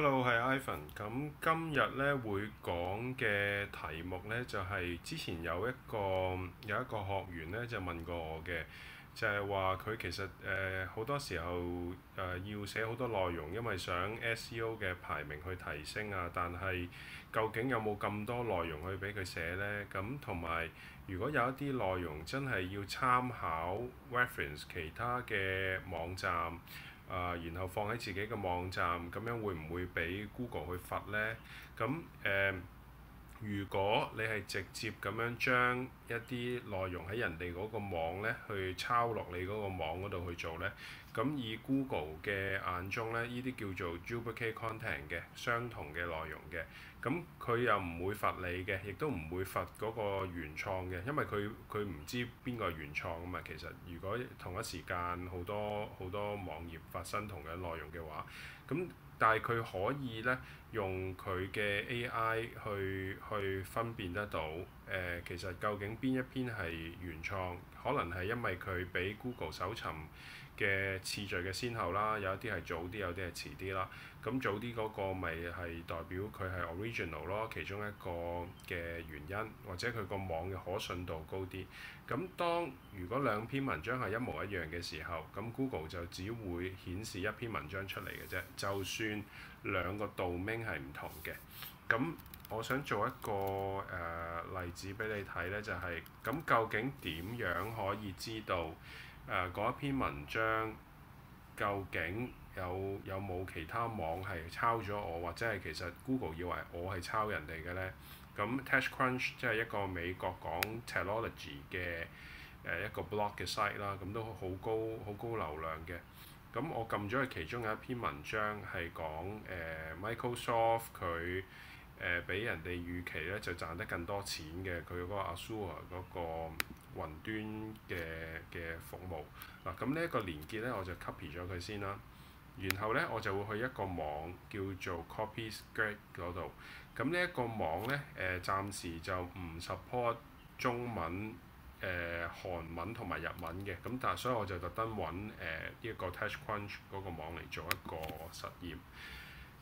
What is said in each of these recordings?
Hello，係 Ivan。咁今日咧會講嘅題目咧就係之前有一個有一個學員咧就問過我嘅，就係話佢其實誒好多時候誒要寫好多內容，因為想 SEO 嘅排名去提升啊。但係究竟有冇咁多內容去俾佢寫咧？咁同埋如果有一啲內容真係要參考 reference 其他嘅網站。啊，然後放喺自己嘅網站，咁樣會唔會俾 Google 去罰呢？咁誒。Uh 如果你係直接咁樣將一啲內容喺人哋嗰個網咧，去抄落你嗰個網嗰度去做咧，咁以 Google 嘅眼中咧，呢啲叫做 Duplicate Content 嘅相同嘅內容嘅，咁佢又唔會罰你嘅，亦都唔會罰嗰個原創嘅，因為佢佢唔知邊個係原創啊嘛。其實如果同一時間好多好多網頁發生同樣內容嘅話，咁。但係佢可以咧，用佢嘅 A.I. 去去分辨得到。誒其實究竟邊一篇係原創？可能係因為佢畀 Google 搜尋嘅次序嘅先後啦，有一啲係早啲，有啲係遲啲啦。咁早啲嗰個咪係代表佢係 original 咯，其中一個嘅原因，或者佢個網嘅可信度高啲。咁當如果兩篇文章係一模一樣嘅時候，咁 Google 就只會顯示一篇文章出嚟嘅啫。就算兩個 domain 係唔同嘅，咁。我想做一個誒、呃、例子俾你睇呢就係、是、咁究竟點樣可以知道誒嗰、呃、一篇文章究竟有有冇其他網係抄咗我，或者係其實 Google 以為我係抄人哋嘅呢？咁、嗯、咁 TechCrunch 即係一個美國講 technology 嘅誒、呃、一個 blog 嘅 site 啦，咁都好高好高流量嘅。咁我撳咗佢其中有一篇文章係講、呃、Microsoft 佢。誒俾、呃、人哋預期咧，就賺得更多錢嘅，佢嗰個 Azure 嗰個雲端嘅嘅服務嗱，咁呢一個連結咧，我就 copy 咗佢先啦。然後咧，我就會去一個網叫做 copy script 嗰度。咁呢一個網咧，誒、呃、暫時就唔 support 中文、誒、呃、韓文同埋日文嘅。咁但係所以我就特登揾呢一個 TouchCrunch 嗰個網嚟做一個實驗。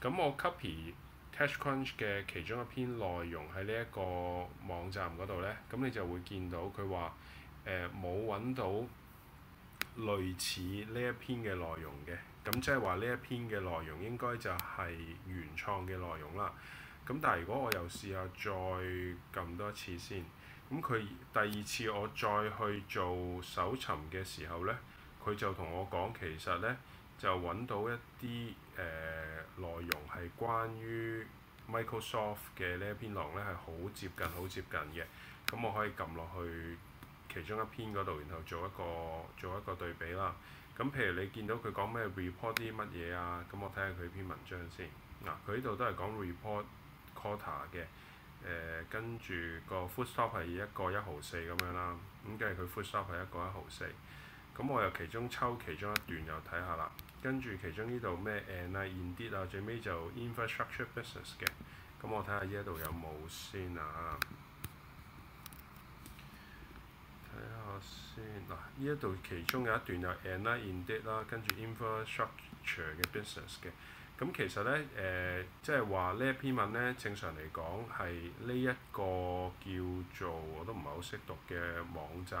咁我 copy。TouchCrunch 嘅其中一篇內容喺呢一個網站嗰度呢，咁你就會見到佢話，誒、冇揾到類似呢一篇嘅內容嘅，咁即係話呢一篇嘅內容應該就係原創嘅內容啦。咁但係如果我又試下再撳多次先，咁佢第二次我再去做搜尋嘅時候呢，佢就同我講其實呢，就揾到一啲誒、呃、內容係關於 Microsoft 嘅呢一篇文咧係好接近好接近嘅，咁我可以撳落去其中一篇嗰度，然後做一個做一個對比啦。咁譬如你見到佢講咩 report 啲乜嘢啊，咁我睇下佢篇文章先。嗱、啊，佢呢度都係講 report quarter 嘅，誒跟住個 footstop 係一個一毫四咁樣啦，咁即係佢 footstop 係一個一毫四。咁我又其中抽其中一段又睇下啦，跟住其中呢度咩 And Indeed 啊，And, Indeed, 最尾就 infrastructure business 嘅，咁我睇下呢一度有冇先啊。睇下先。嗱、呢一度其中有一段有 And Indeed 啦，And, Indeed, 跟住 infrastructure 嘅 business 嘅。咁其實咧誒、呃，即係話呢一篇文咧，正常嚟講係呢一個叫做我都唔係好識讀嘅網站。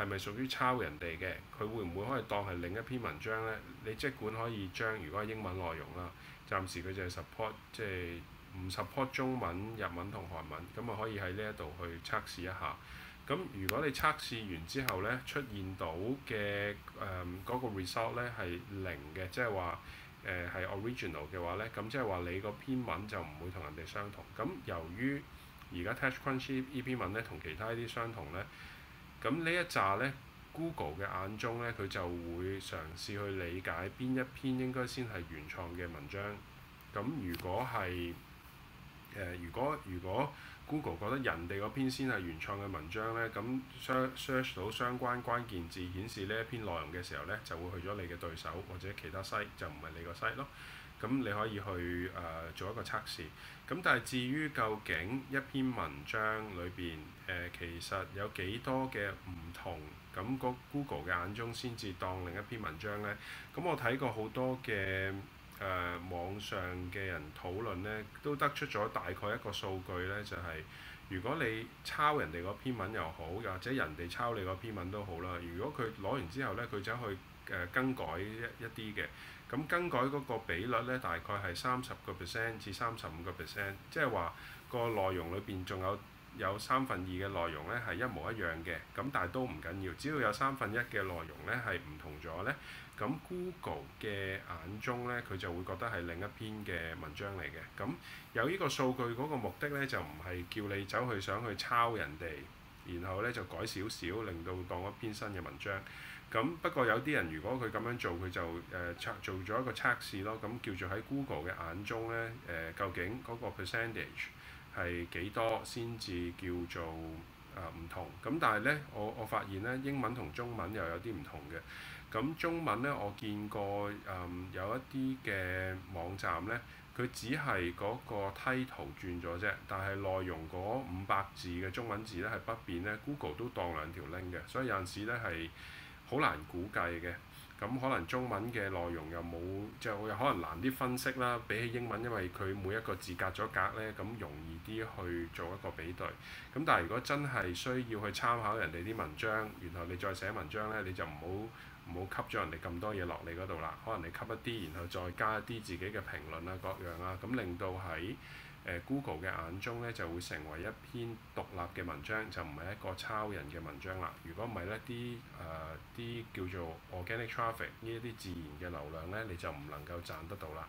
係咪屬於抄人哋嘅？佢會唔會可以當係另一篇文章呢？你即管可以將如果係英文內容啦，暫時佢淨係 support，即係唔 support 中文、日文同韓文，咁啊可以喺呢一度去測試一下。咁如果你測試完之後呢，出現到嘅誒嗰個 result 呢係零嘅，即係話誒係 original 嘅話呢，咁即係話你嗰篇文就唔會同人哋相同。咁由於而家 TechCrunch 呢篇文呢，同其他一啲相同呢。咁呢一紮呢，Google 嘅眼中呢，佢就會嘗試去理解邊一篇應該先係原創嘅文章。咁如果係誒、呃，如果如果 Google 覺得人哋嗰篇先係原創嘅文章呢，咁 search 到相關關鍵字顯示呢一篇內容嘅時候呢，就會去咗你嘅對手或者其他西，就唔係你個西咯。咁你可以去誒、呃、做一個測試，咁但係至於究竟一篇文章裏邊誒其實有幾多嘅唔同，咁嗰 Google 嘅眼中先至當另一篇文章呢。咁我睇過好多嘅誒、呃、網上嘅人討論呢，都得出咗大概一個數據呢，就係、是、如果你抄人哋嗰篇文又好，又或者人哋抄你嗰篇文都好啦。如果佢攞完之後呢，佢走去，誒更改一一啲嘅，咁更改嗰個比率咧，大概係三十個 percent 至三十五個 percent，即係話個內容裏邊仲有有三分二嘅內容咧係一模一樣嘅，咁但係都唔緊要，只要有三分一嘅內容咧係唔同咗咧，咁 Google 嘅眼中咧佢就會覺得係另一篇嘅文章嚟嘅，咁有呢個數據嗰個目的咧就唔係叫你走去想去抄人哋。然後咧就改少少，令到當一篇新嘅文章。咁不過有啲人如果佢咁樣做，佢就誒測、呃、做咗一個測試咯。咁叫做喺 Google 嘅眼中咧，誒、呃、究竟嗰、那個 percentage 係幾多先至叫做啊唔、呃、同？咁但係咧，我我發現咧，英文同中文又有啲唔同嘅。咁中文咧，我見過誒、呃、有一啲嘅網站咧。佢只係嗰個梯圖轉咗啫，但係內容嗰五百字嘅中文字咧係不變咧，Google 都當兩條 link 嘅，所以有陣時咧係好難估計嘅。咁可能中文嘅內容又冇，即係又可能難啲分析啦。比起英文，因為佢每一個字隔咗格咧，咁容易啲去做一個比對。咁但係如果真係需要去參考人哋啲文章，然後你再寫文章咧，你就唔好。唔好吸咗人哋咁多嘢落你嗰度啦，可能你吸一啲，然後再加一啲自己嘅評論啊各樣啊，咁令到喺 Google 嘅眼中呢，就會成為一篇獨立嘅文章，就唔係一個抄人嘅文章啦。如果唔係呢，啲誒啲叫做 organic traffic，呢一啲自然嘅流量呢，你就唔能夠賺得到啦。